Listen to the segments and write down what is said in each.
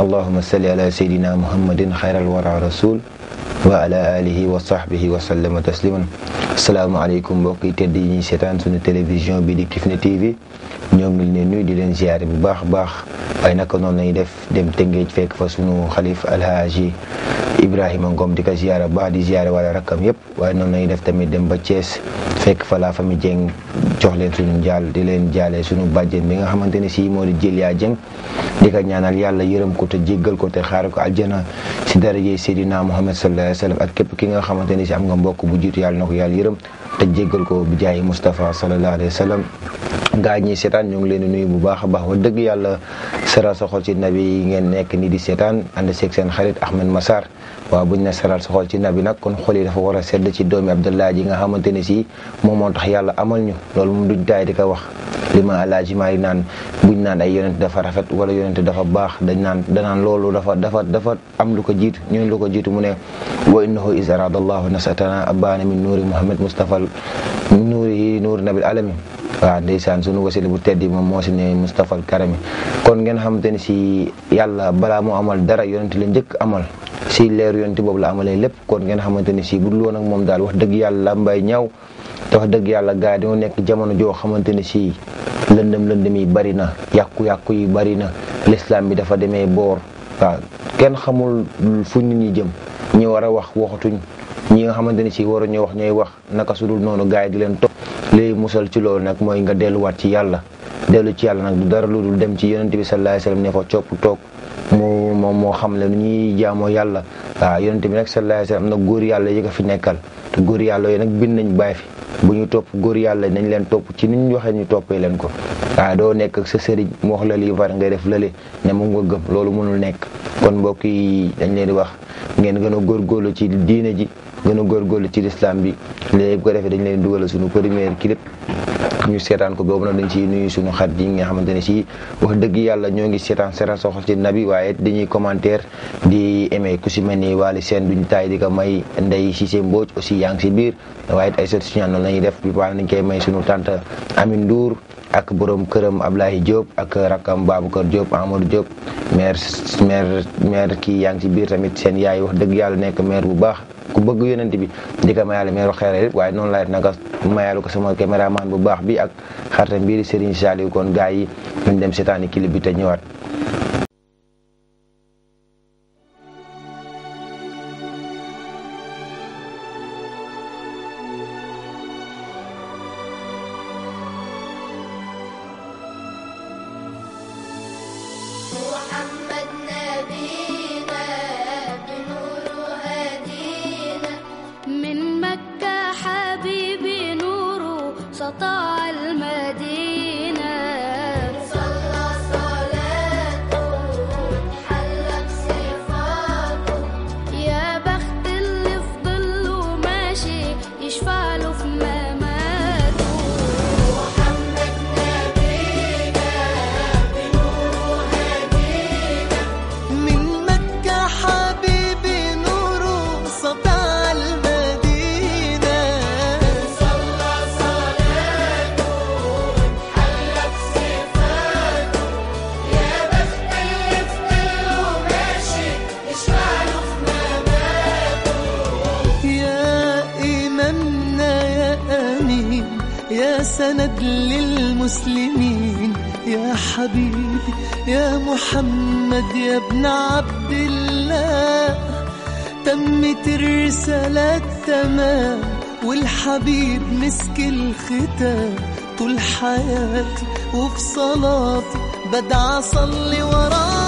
اللهم صل على سيدنا محمد خير الورع رسول وعلى آله وصحبه وسلم تسليما السلام عليكم بوكي تدي ني سيتان سوني تيليفزيون بي ديكتيف ني تي في نيوم ني نوي دي لين زياري بو باخ باخ اي ناكو نون ناي ديف ديم تينغي فيك فا سونو خليف الهاجي ابراهيم غوم ديكا زياره با دي زياره ولا ركام ييب واي نون ناي ديف تامي ديم با تيس فيك فلا فامي جينغ jox leen suñu njaal di leen jaalee suñu bàjjen bi nga xamante ne si moo di jël yaa jëm di ko ñaanal yàlla yërëm ko te jéggal ko te xaare ko aljana si daraje Seydina Muhammad sallallahu alayhi wa sallam ak képp ki nga xamante ne si am nga mbokk bu jiitu yàlla na ko yàlla yërëm te jéggal ko bi jaayi Mustafa sallallahu alayhi wa gaa ñi seetaan ñu ngi leen di nuyu bu baax a baax wax dëgg yàlla seral sa xol ci nabi ngeen nekk nii di seetaan ànd seeg seen xarit Ahmed Massar waaw buñ ne seral sa xol ci nabi nag kon xol yi dafa war a sedd ci doomi Abdallah ji nga xamante ne si moom moo tax yàlla amal ñu loolu moom duñ taay di ko wax li ma alaaji maay naan buñ naan ay yonent dafa rafet wala yonent dafa baax dañ naan danaan loolu dafa dafa dafa am lu ko jiitu ñun lu ko jiitu mu ne wa innahu is arada allahu nasatana abbaana min nuuri muhammad mustapha nuuri nuuri nabil alamin waaw ndeysaan sunu wasila bu tedd moom moo si ne Moustapha al Karami kon ngeen xamante ni si yàlla balaa moo amal dara yonent la njëkk amal si leer yonent boobu la amalee lépp kon ngeen xamante ni si bu dul woon ak moom daal wax dëgg yàlla mbay ñaaw te wax dëgg yàlla gaa yi dañoo nekk jamono joo xamante ni si lëndëm lëndëm yi bari na yàqu-yàqu yi bari na l'islam bi dafa demee boor waaw kenn xamul fu nit ñi jëm ñi war a wax waxatuñ ñi nga xamante ni si waruñoo wax ñooy wax naka sudul noonu gaa yi di lii musal ci loolu nag mooy nga delluwaat ci yàlla dellu ci yàlla nag du dara lu dul dem ci yonent bi sallallahu alayhi wasallam ne ko copp toog mu moom moo xam le nu ñuy jaamoo yàlla waaw yonent bi nag sallallahu alayhi wasallam am na góor yàlla yi nga fi nekkal góor yàlla yooyu nag bind nañ bàyyi fi bu ñu topp góor yàlla nañ leen topp ci ni ñu waxee ñu toppee leen ko waaw doo nekk ak sa sëriñ mu wax la lii war ngay def lële ne mu nga gëm loolu mënul nekk kon mbokk yi dañ leen di wax ngeen gën a góorgóorlu ci diina ji gën a góorgóorlu ci lislaam bi léegi bu ko defee dañ leen dugalal suñu première clip ñu seetaan ko boobu nag dañ ciy nuyu suñu xarit yi nga xamante ne si wax dëgg yàlla ñoo ngi seetaan seetaan soxal ci nabi waaye dañuy commentaire di aimé ku si mel ni Waly Sène duñ taay di ko may Ndeye Cissé Mbodj aussi yaa ngi si biir waaye it ay sot si la ñuy def bi baax nañ koy may suñu tante Amine Ndour ak borom këram Ablaye Diop ak rakam Babacar Diop Amadou Diop maire maire maire kii yaa ngi ci biir tamit seen yaay wax dëgg yàlla nekk maire bu baax ku bëgg yonent bi di ko mayaale maire xeere yëpp waaye noonu laa def naka mayalu ko sama caméraman bu baax bi ak xaritam bii di Serigne Saliou kon gars yi ñu dem seetaani clip bi te ñëwaat محمد يا ابن عبد الله تمت الرسالة تمام والحبيب مسك الختام طول حياتي وفي صلاتي بدعى أصلي وراه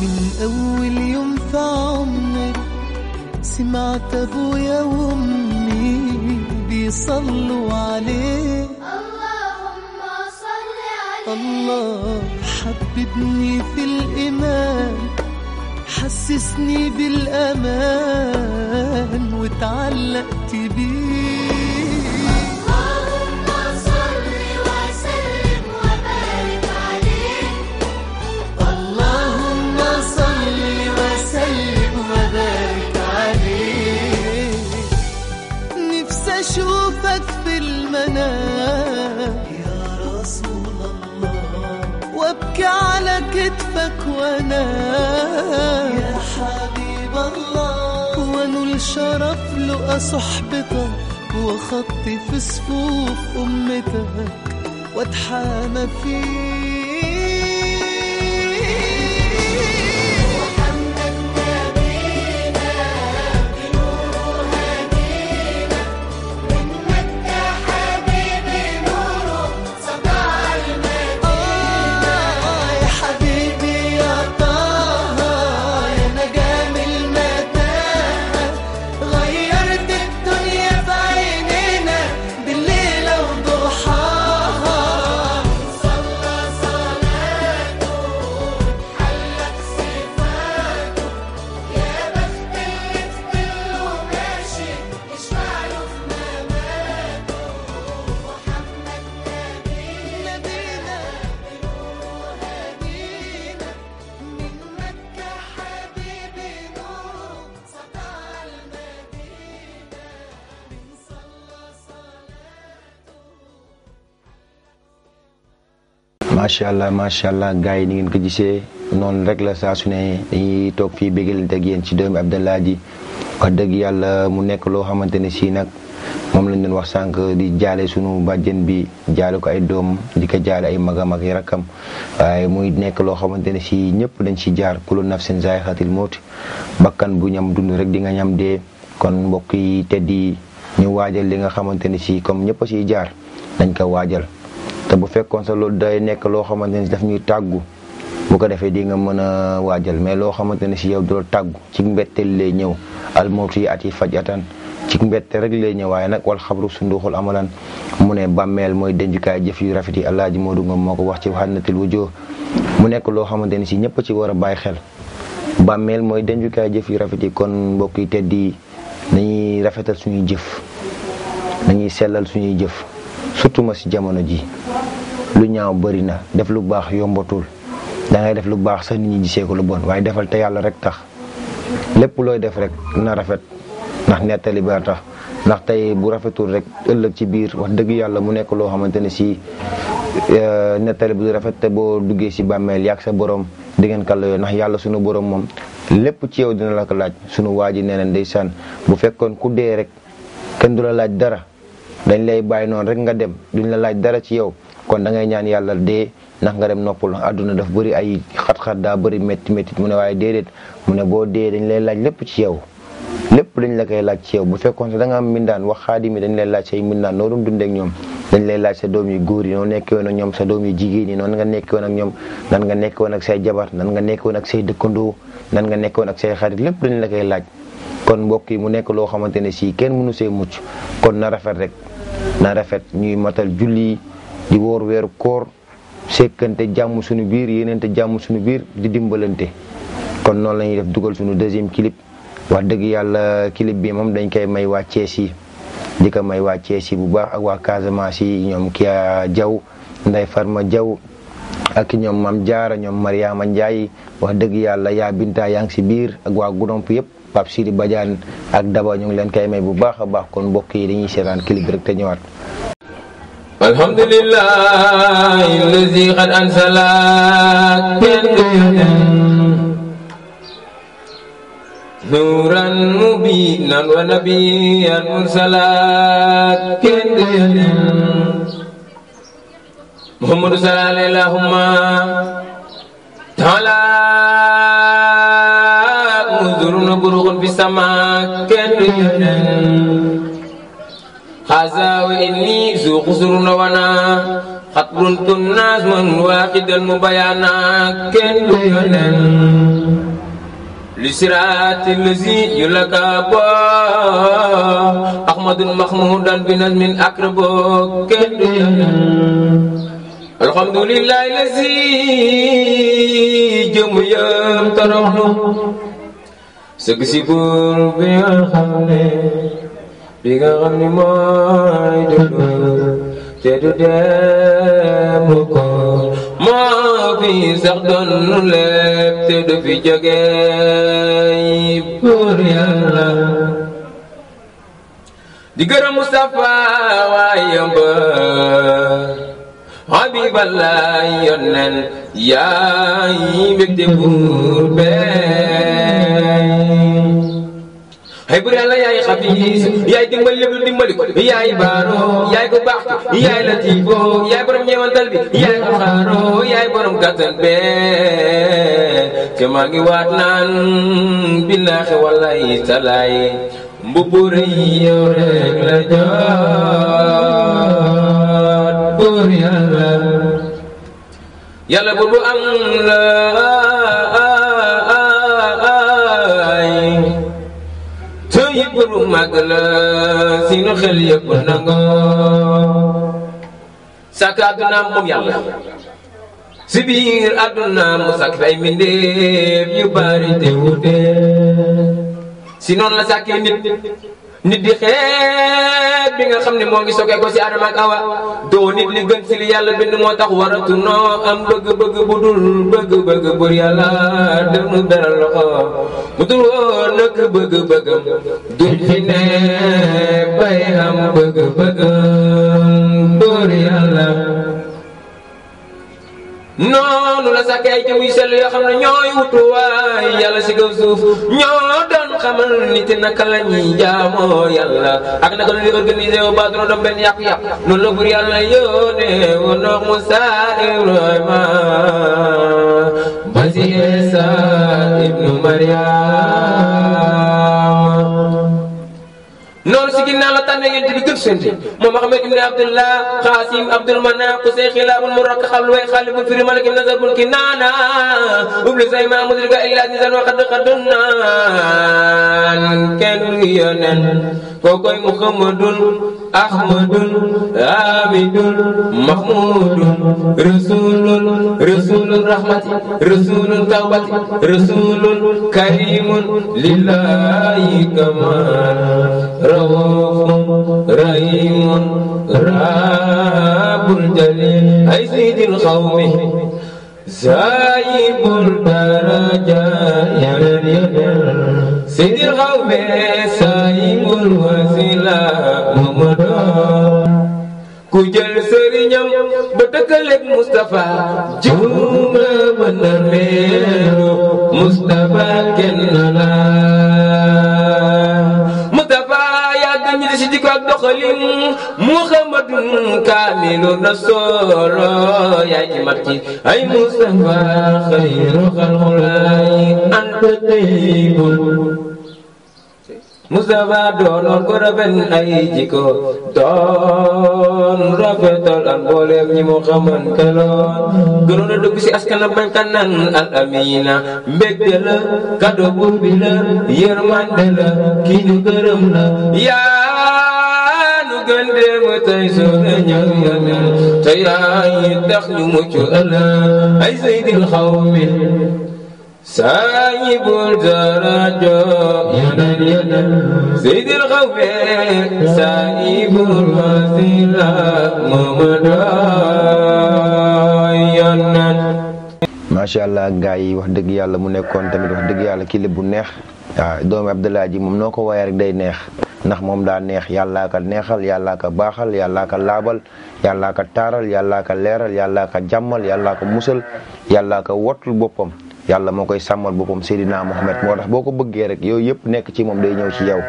من أول يوم في عمري سمعت أبويا وأمي بيصلوا عليه اللهم صل عليه الله حببني في الإيمان حسسني بالأمان وتعلقت بيه حبيب الله ونل الشرف لقى صحبتك وخطي في صفوف أمتك واتحانى فيك macha allah macha allah gars yi ni ngeen ko gisee noonu rek la saa su ne dañuy toog fii bégalante ak yéen ci doomi Abdallah ji wax dëgg yàlla mu nekk loo xamante ne sii nag moom lañ doon wax sànq di jaale sunu bàjjen bi jaale ko ay doom di ko jaale ay magam ak rakkam waaye muy nekk loo xamante ne si ñëpp dañ si jaar kullu nafsin zaa'iqatul mawt bakkan bu ñam dund rek di nga ñam dee kon mbokk yi tedd yi ñu waajal li nga xamante ne si comme ñëpp si jaar dañ ko waajal. te bu fekkoon sa loolu day nekk loo xamante ne si daf ñuy tàggu bu ko defee di nga mën a waajal mais loo xamante ne si yow tàggu ci mbetteel lay ñëw almawtu yi at yi faj atan ci mbette rek lay ñëw waaye nag wal xabru sunduxul amalan mu ne bàmmeel mooy dencukaay jëf yu rafet yi Alaaji Moodu Ngom moo ko wax ci waxannatil wujjoo mu nekk loo xamante ne si ñëpp ci war a bàyyi xel bàmmeel mooy dencukaay jëf yu rafet kon mbokk yi tedd yi nañuy rafetal suñuy jëf nañuy sellal suñuy jëf surtout ma si jamono ji lu ñaaw bari na def lu baax yombatul da ngay def lu baax sa nit ñi gisee ko lu bon waaye defal te yàlla rek tax lépp looy def rek na rafet ndax nettali ba tax ndax tey bu rafetul rek ëllëg ci biir wax dëgg yàlla mu nekk loo xamante ne si eh, nettali bu rafet te boo duggee si bàmmeel yàgg sa borom di ngeen kàlla ndax yàlla sunu borom moom lépp ci yow dina la ko laaj sunu waa nee na ndeysaan bu fekkoon ku dee rek kenn du la laaj dara dañ lay bàyyi noonu rek nga dem duñ la laaj dara ci yow kon da ngay ñaan yàlla dee ndax nga dem noppal àdduna daf bari ay xat-xat daa bëri métti métti mu ne waaye déedéet mu ne boo dee dañ lay laaj lépp ci yow lépp dañ la koy laaj ci bu fekkoon da nga am mindaan wax xaadim yi dañ lay laaj say mindaan noo doon dundee ak ñoom dañ lay laaj sa doom yu góor yi noonu nekkoon ak ñoom sa doom yu jigéen yi noonu nga nekkoon ñoom nan nga nekkoon ak say jabar nan nga nekkoon ak say dëkkandoo nan nga nekkoon ak say xarit lépp dañ la koy laaj kon mbokk yi mu nekk loo xamante ne sii kenn mënu see mucc kon na rafet rek na rafet ñuy matal julli di wor wer koor sekkante jàmm suñu biir yéeneente jàmm suñu biir di dimbalante kon noonu la ñuy def dugal suñu deuxième clip wax dëgg yàlla clip bi moom dañ koy may waa Thiès yi may waa Thiès bu baax ak waa Casamance yi ñoom Kia Diaw Ndeye Farma Diaw ak ñoom Mam Jaara ñoom Mariama Ndiaye wax dëgg yàlla yaa Binta yaa ngi si biir ak waa Goudomp yëpp bab siri Badiane ak Daba ñu ngi leen koy may bu baax a baax kon mbokk yi dañuy seetaan clip rek te والحمد لله الذي قد أنزل نورا مبينا ونبيا مرسلا محمد صلى الله عليه وسلم تعالى انظروا نبرغ في السماء هذا وإني ذو خسر وانا خطبنت الناس من واحدا مبيانا كن يونا لسرات الذي يلقى أحمد محمودا بنزم أقرب كن يونا الحمد لله الذي جم يوم ترحنا سكسي بور بيا خمله bi nga mooy dund te du dem ko moo fi sax doon lépp te du fi jógee pour yàlla di gërëm Moustapha waa yëmba Habiballah yónneen yaay mbégte buur bee ay bur yàlla yaay xabiis yaay dimbali lépp lu dimbali ko yaay baaro yaay ko baax yaay latiifo yaay borom ñeewantal bi yaay xaaro yaay borom gàttal be te maa ngi waat naan billaahi wallaahi talaay mbubu rëy yow rek la jot bur yàlla yàlla bu am la bu si nu xel yëpp nangoo yàlla si biir àddunaam mu sàkk ay mbindeef yu bari te wuute si noonu la sàkkee nit nit di xeeb bi nga xam ne moo ngi sokkee ko si Adama ak doo nit li gën si li yàlla bind moo tax waratu noo am bëgg-bëgg bu dul bëgg-bëgg bur yàlla dem beral loxo dul woon nag bëgg-bëggam duñ fi ne bay am bëgg-bëgg. noonu la sakkee ci muy sell yoo xam ne ñooy wutuwaay yàlla si kaw suuf ñoo doon xamal nit naka la ñuy jaamoo yàlla ak naka la ñuy organisé wu ba doon benn yàq-yàq noonu la bur yàlla yónnee wu ndox Moussa Ibrahima ba ibnu Maryam noonu si ginnaaw la tànnee yonent bi gën seen si moom Muhammad ibn Abdullah Xaasim Abdul Manan Xusey Xilaabul Murak xablu way xaalibul firi malik nazarbul kinaana ublu say ma mudrika illa nisan wa xad xadunnaan kenn yonen kookoy Muhammadun Ahmadun Hamidun Mahmudun رسول الرحمة رسول التوبة رسول كريم لله كمال رؤوف رحيم رب الجليل أي سيد القوم زايب الدرجة يا سيد القوم سايب الوسيلة ومدار ku jël sëriñam ba dëkkaleeg Moustapha jiw la mën a meelu Moustapha kenn la Moustapha yàgg ñu di si jikko ak doxalin Muhammadun kaamilu anta tayyibul Mustafa doonoon ko rafet ay jikko doon rafetal ak mbooleem ñi mu xamante loon a dugg si askan bañ ka naan al amina mbégte la kado buur bi la yërmande la kii ñu gërëm la yaa nu gën dem tey soo la ñëw yamin te yaa yi tax ñu mucc ay saydil xawmi saayibul darajo yeneen yeneen seydil xawfe saayibul wasila mamadou yeneen macha allah gaa yi wax dëgg yàlla mu nekkoon tamit wax dëgg yàlla kilib bu neex doom doomi Abdoulaye ji moom noo ko waye rek day neex ndax moom daa neex yàllaa ka neexal yàllaa ka baaxal yàllaa ka laabal yàllaa ka taaral yàllaa ka leeral yàllaa ka jàmmal yàllaa ka musal yàllaa ka wottul boppam yàlla moo koy sàmmal boppam Seydina Mohamed moo tax boo ko bëggee rek yooyu yëpp nekk ci moom day ñëw ci yow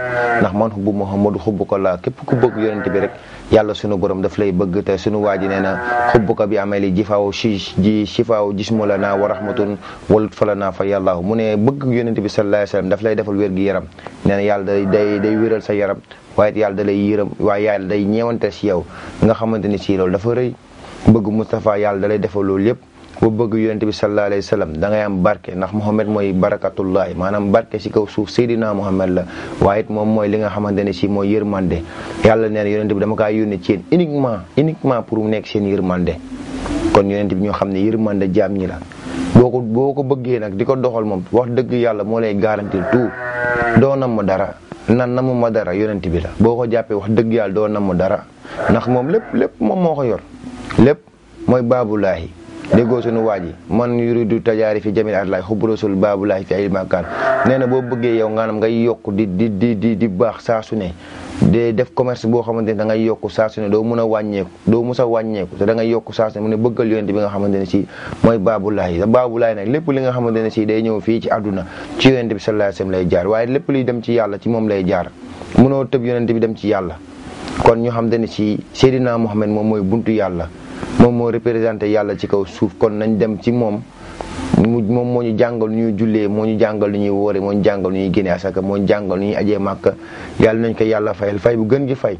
ndax man xubbu Muhammadu xubbu ko laa képp ku bëgg yonent bi rek yàlla sunu borom daf lay bëgg te sunu waa ji nee na xubbu ko bi amali jifaaw si ji sifaaw jismu la naa wa rahmatun walut fa la naa fa yàllaahu mu ne bëgg yonent bi sallallahu alayhi wasallam daf lay defal wér yaram nee yàlla day day day wéral sa yaram waaye yàlla da lay yëram waaye yàlla day ñeewante si yow nga xamante ni si loolu dafa rëy bëgg Moustapha yàlla da lay defal loolu yëpp boo bëgg yonente bi sallallahu alayhi wa sallam da ngay am barke ndax Muhammad mooy barakatullahi maanaam barke si kaw suuf Seydina Muhammad la waaye moom mooy li nga xamante ne si mooy yërmande yàlla nee na yonente bi dama kaa yónne ci yéen uniquement uniquement pour mu nekk seen yërmande kon yonente bi ñoo xam ne yërmande jaam ñi la boo ko boo ko bëggee nag di ko doxal moom wax dëgg yàlla moo lay garantir tout doo nam ma dara nan namu ma dara yonent bi la boo ko jàppee wax dëgg yàlla doo nam ma dara ndax moom lépp lépp moom moo ko yor lépp mooy baabulaahi déggoo suñu waa ji man yuridu tajaari fi jamil atlaay xubbu rasul baabulaay fi ay makaan nee na boo bëggee yow nam ngay yokk di di di di di baax saa su ne de def commerce boo xamante ne da ngay yokk saa su ne doo mën a doo mës a wàññeeku da ngay yokk saa su ne mu ne bëggal bi nga xamante ne si mooy baabulaay te baabulaay nag lépp li nga xamante ne si day ñëw fii ci àdduna ci yonent bi sallallahu lay jaar waaye lépp luy dem ci yàlla ci moom lay jaar mënoo tëb yonent bi dem ci yàlla kon ñoo xam te ne ci Seydina Mohamed moom mooy buntu yàlla moom moo représenté yàlla ci kaw suuf kon nañ dem ci moom mu moom moo ñu jàngal lu ñuy jullee moo ñu jàngal lu ñuy wóore moo ñu jàngal lu ñuy génne asaka moo ñu jàngal lu ñuy ajee màkk yàlla nañ ko yàlla fayal fay bu gën gi fay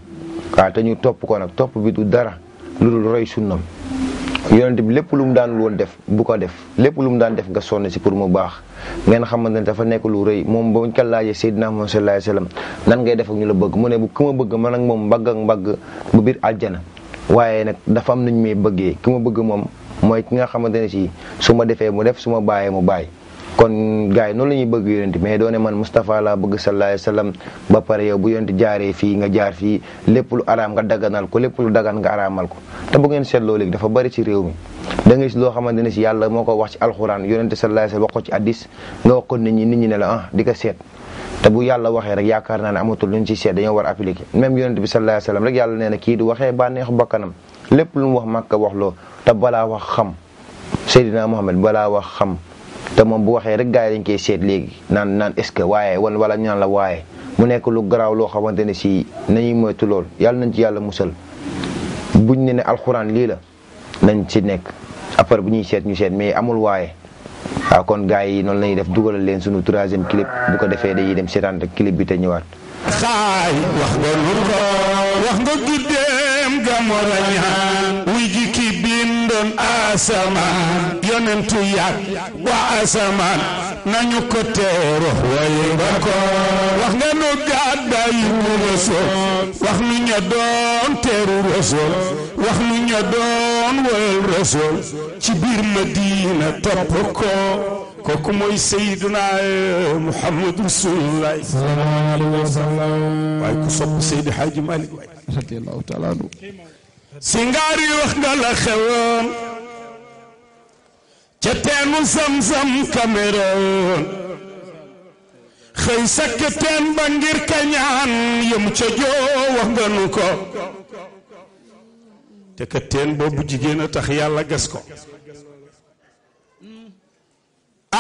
waaw te ñu topp ko nag topp bi du dara lu dul roy sunnam yonent bi lépp lu mu daan woon def bu ko def lépp lu mu daan def nga sonn si pour mu baax ngeen xamante ne dafa nekk lu rëy moom buñ ko laajee Seydina Muhammad sallallahu alayhi wasallam lan def ñu la bëgg mu ne bu ku ma bëgg man ak moom mbagg ak mbagg bu biir aljana waaye nag dafa am nañ may bëggee ki ma bëgg moom mooy ki nga xamante ne si su ma defee mu def su ma baayee mu bàyyi kon gars yi noonu la ñuy bëgg yonent mais doone man Moustapha la bëgg sallallahu alayhi wasallam ba pare yow bu yonent jaaree fii nga jaar fii lépp lu araam nga daganal ko lépp lu dagan nga araamal ko te bu ngeen seetloo léegi dafa bari ci réew mi da ngay loo xamante ne si yàlla moo ko wax ci alxuraan yonent sallallahu alayhi wasallam wax ko ci addis nga wax ko nit ñi nit ñi ne la ah di ko seet te bu yàlla waxee rek yaakaar naa ne amatul luñ ci seet dañoo war appliquer même yonent bi sallallahu alayhi wasallam rek yàlla nee na kii du waxee bànneexu bakkanam lépp lu mu wax màkka wax loo te wax xam Seydina Muhammad balaa wax xam te buah bu waxee rek gars yi nan koy seet léegi est ce wan wala ñaan la waye mu nekk lu garaaw loo xamante ne si nañuy moytu lool yàlla nañ ci yàlla musal buñ ne ne alxuraan la nañ ci nekk après bu ñuy ñu seet mais amul waye waaw kon gars yi noonu la def dugalal leen sunu troisième clip bu ko dem seetaan clip bi ñëwaat wax wax nga yoon asamaan yonent yàgg waa asamaan nañu ko teeroo waye ba ko wax nga nu gàddaay yu rasul wax nu ña doon teeru rasul wax nu ña doon wël rasul ci biir Madina topp ko kooku mooy Seydina Muhammad Rasulullah sallallahu alayhi wa sallam waaye ku sopp Seydi Hadji Malick radiyallahu taala anhu singaar yi wax nga la xewoon ca teenu zam-zam Cameroon xëy sakk teen ba ngir kañaan yëm ca joo wax nga nu ko te ka teen boobu jigéen tax yàlla gas ko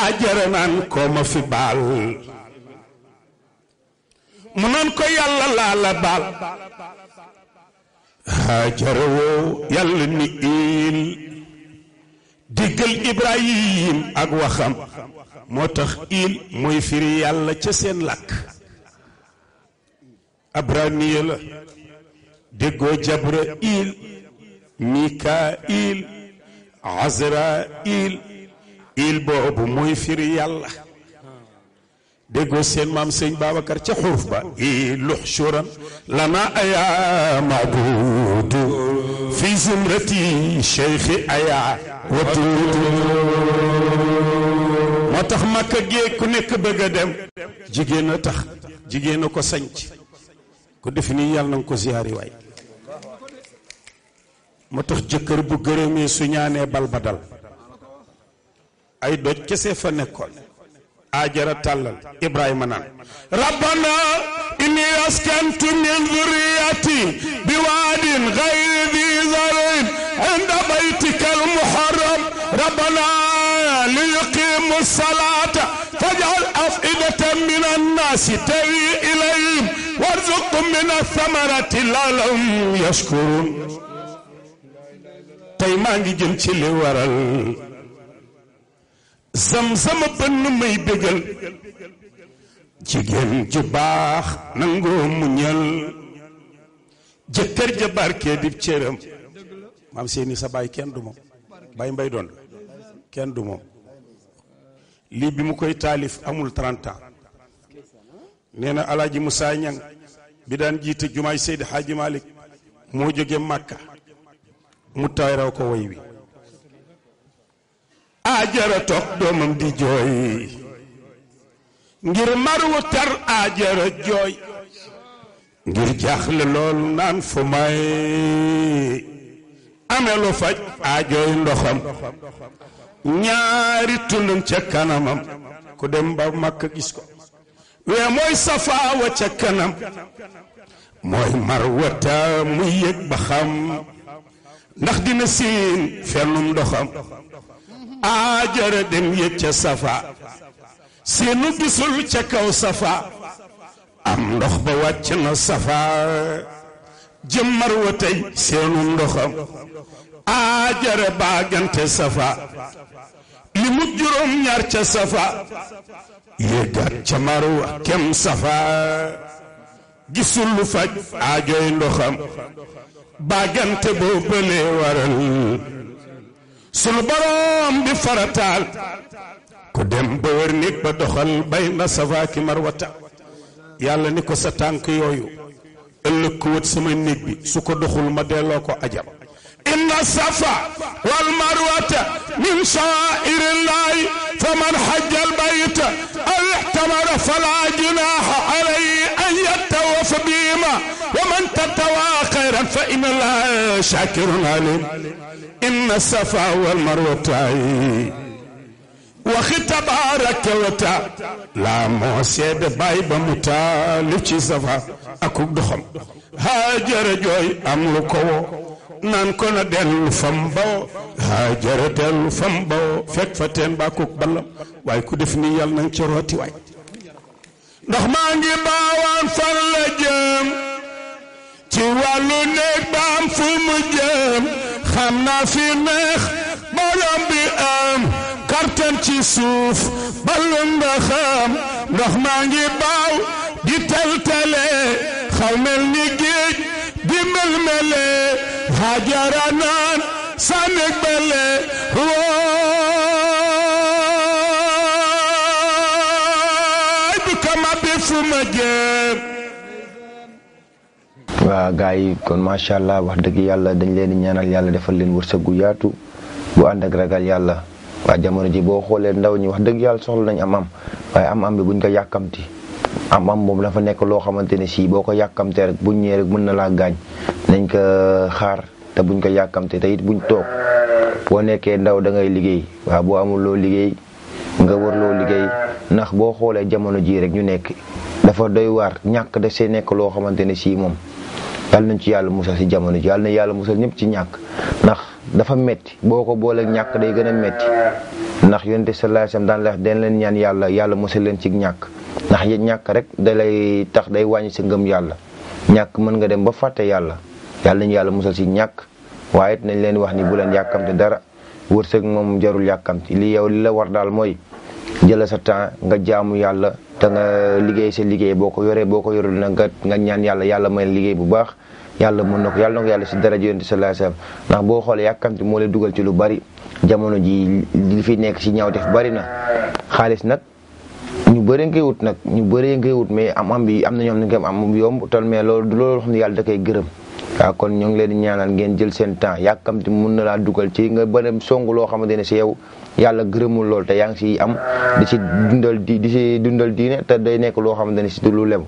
ajara ko ma fi mu ko la هاجروا يل نيل ديغل ابراهيم اك وخم موتخ ايل موي فري يالا تي سين لاك ابرانيل ديغو جبرائيل ميكائيل عزرائيل ايل بوب موي فري يالا déggoo seen maam sëñ Babacar ca xuruf ba i lux shuran lana aya maabudu fi zumrati cheikhi aya watu moo tax màkka gee ku nekk bëgg a dem jigéen a tax jigéen a ko sanc ko def nii yàlla nanga ko ziyaari waay moo tax jëkkër bu gërëmee su ñaanee bal dal ay doj kese fa nekkoon اجر تالل ابراهيم نان ربنا اني اسكنت من ذريتي بواد غير ذي زرع عند بيتك المحرم ربنا ليقيم الصلاه فاجعل افئده من الناس تري اليهم وارزقهم من الثمره لعلهم يشكرون تيمان جنتي ورا zam-zama bënn may bégal jigéen ju baax nangoo muñal jëkkër ja barke dib cëram maam seeni sa baay kenn du moom baay mbay doon kenn du moom lii bi mu koy taalif amul 30 ans nee na alaaji Moussa Ñang bi daan jiite jumaay Seydi Haaji moo jóge Màkka mu tayraw ko woy wi ajara toog doomam di jooy ngir marwu tar ajara jooy ngir jaaxle loolu naan fu may amee faj ajooy ndoxam ñaari tullam ca kanamam ku dem ba makka gis ko wee mooy safaawa ca kanam mooy marwata muy yëg ba xam ndax dina siin fennum ndoxam aajara dem yëg safa seenu gisul ca kaw safa am ndox ba wàcc na safa jëmmar wa seenu ndoxam aajara baagante safa li mu juróom ñaar safa yéegaat ca marwa kem safa gisul lu faj aajooy ndoxam baagante boo bëlee waral سلبرام بفرتال كدم بورنيك بدخل بين سفاكي مروتا يالا نيكو ستانك يويو اللي كوت سمين نيكبي سوكو دخول مدلوكو عجبا إن الصفا والمروة من شائر الله فمن حج البيت أو احتمر فلا جناح عليه أن يتوف بهما ومن تتوى خيرا فإن الله شاكر عليم إن الصفا والمروة waxi tabaaraka وطا لا موسى moo seede bàyyi صفا أكو taalif هاجر جوي akuk doxam naan ko na dellu fam bawo haajara dellu fam fekk fa teen baakook ballam waaye ku def nii yàlla nang ci rooti waay ndox maa ngi baawaan fan la jëm ci wàllu néeg baam fu mu xam naa fi neex borom bi am kartan ci suuf ballu nga xam ndox maa ngi baaw di taltale xaw mel ni géej di melmele hajara naan sànni gbẹlẹ wóoy bu kama bi fu ma jëm. waaw gars yi kon macha allah wax dëgg yàlla dañ leen di ñaanal yàlla defal leen wërsëg gu yaatu bu ànd ak ragal yàlla waa jamono ji boo xoolee ndaw ñi wax dëgg yàlla soxla nañ am-am waaye am-am bi buñ ko yàkkamti am-am moom dafa nekk loo xamante ne sii boo ko yàkkamtee rek buñ ñëwee mun na laa gaañ. nañ ko xaar te buñ ko yàkkamte te it buñ toog boo nekkee ndaw da ngay liggéey waaw boo amul loo liggéey nga wër loo liggéey ndax boo xoolee jamono jii rek ñu nekk dafa doy waar ñàkk da see nekk loo xamante ne sii moom yàlla nañ ci yàlla musa si jamono ji yàlla na yàlla musal ñëpp ci ñàkk ndax dafa metti boo ko booleeg ñàkk day gën a metti ndax yonte sallallahu alayhi wasallam daan la den leen ñaan yàlla yàlla musal leen ci ñàkk ndax ñàkk rek da lay tax day wàññi sa ngëm yàlla ñàkk mën nga dem ba fàtte yàlla yalla ñu yalla musal si ñàkk waaye it nañ leen wax ni bu leen yàkkamte dara wërsëg moom jarul yàkkamti li yow li la war daal mooy jëla sa temps nga jaamu yalla te nga liggéey sa liggéey boo ko yoree boo ko yorul na nga nga ñaan yàlla yàlla may liggéey bu baax yàlla mën na ko yàlla na ko yàlla si daraja yonte sallallahu alayhi wasallam ndax boo xoolee yàkkamti moo leen dugal ci lu bari jamono ji li fi nekk si ñaaw def bari na xaalis nag ñu bëri ngay wut nag ñu bëri ngay wut mais am am bi am na ñoom nañ am am yomb tal mais loolu loolu xam ne da koy gërëm waaw kon ñoo ngi leen di ñaanal ngeen jël seen temps yàkkamti mun na laa dugal loo xamante ne si yow yàlla gërëmul lool te yaa ngi siy am di si dundal di di si dundal diine te day nekk loo xamante ne si du lu lew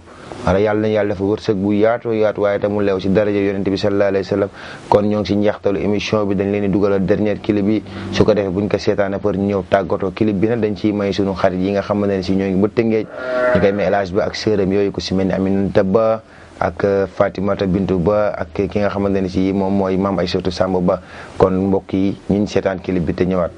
wala yàlla na yàlla dafa wërsëg bu yaatu yaatu waaye te mu lew si daraja yonente bi sallallahu alayhi wa sallam kon ñoo bi dañ leen di dugalal dernier clip bi ko defee ko seetaane par ñëw tàggatoo clip bi nag dañ may suñu xarit yi nga xamante ne si ñoo ngi ba tëngeej ñu koy may élage bi ak sërëm yooyu ko si mel ni Aminata Ba ak euh, Fatimata Bintu Ba ak ki nga xamante ne si moom mooy maam ay surtout Samba Ba kon mbokk yi ñu seetaan clip bi te ñëwaat.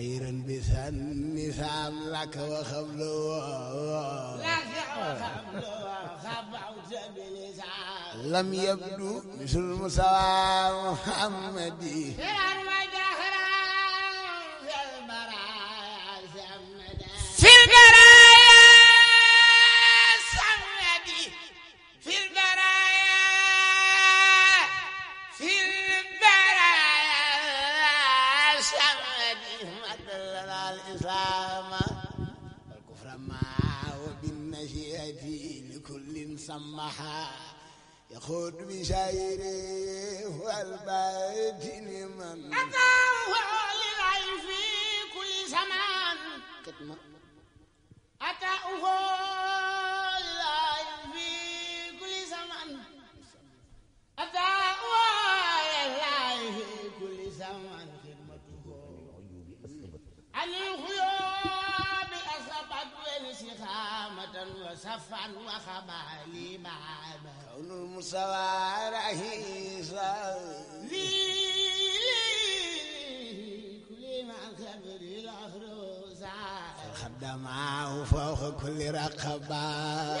خيرا بسن سام لك وخبلوا لم يبدو مثل مسوى محمدي سمحا يخد بشيره والبيت لمن أتاه للعي في كل زمان أتاه وسفعا وخبالي معنا كون المسوى رئيسا كل مع الخبر الأخروزة الخبدة معه فوق كل رقبة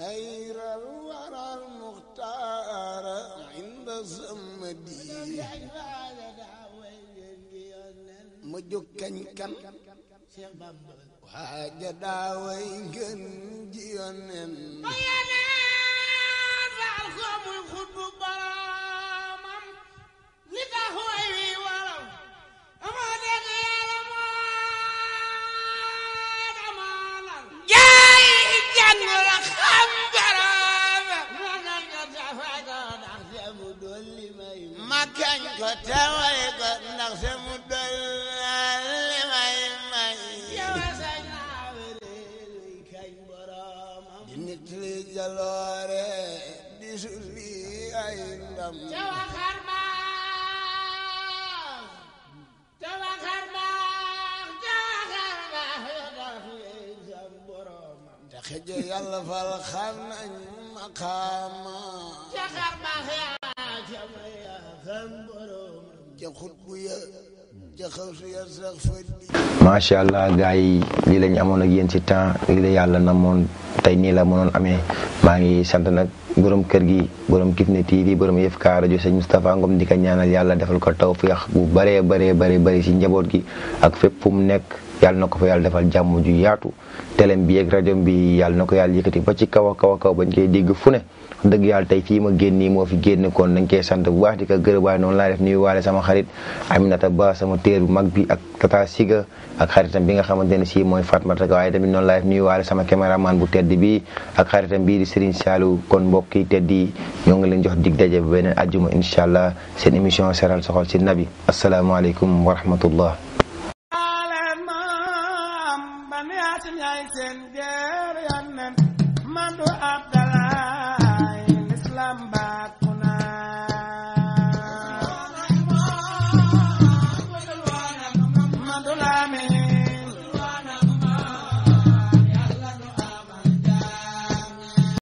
خير الورى المختار عند الزمدي مجو كن كن وحاجة داوي كن جيونن بيانا فعلكم الخطب teewal ko ndax se mu doy li may may yow sañ naa wéreeluy kañ boroomam di nit li jaloore di suli ay ndam te waxar baax te waxar baax te waxar baax ndax leen sam boroomam te xëj yàlla fal xam nañ maqaama macha allah gars yi lii la ñu amoon ak yéen ci temps lii la yàlla na moon tey nii la mënoon amee maa ngi sant nag borom kër gi borom Kifne TV borom YFK rajo sëñ Moustapha Ngom di ko ñaanal yàlla defal ko taw tawfeex bu bëree bëree bëri bëri ci njaboot gi ak fépp fu mu nekk yàlla na ko fa yàlla defal jàmm ju yaatu tele bi ak rajo bi yàlla na ko yàlla yëkkati ba ci kaw a kaw a kaw bañ koy dégg fu ne. dëgg yàlla tey fii ma génn nii moo fi génn kon nañ koy bu baax di ko gërëm waaye noonu laa def nuyu waale sama xarit aminata ba sama téer bu mag bi ak tata siga ak xaritam bi nga xamante ne sii mooy fatma taga waaye tamit noonu laa def nuyu waale sama cameraman bu tedd bi ak xaritam bii di sëriñ saalu kon mbokk yi tedd ñoo ngi leen jox dig daje ba beneen àjjuma incha seen émission seral soxal si nabi asalaamaaleykum wa rahmatullah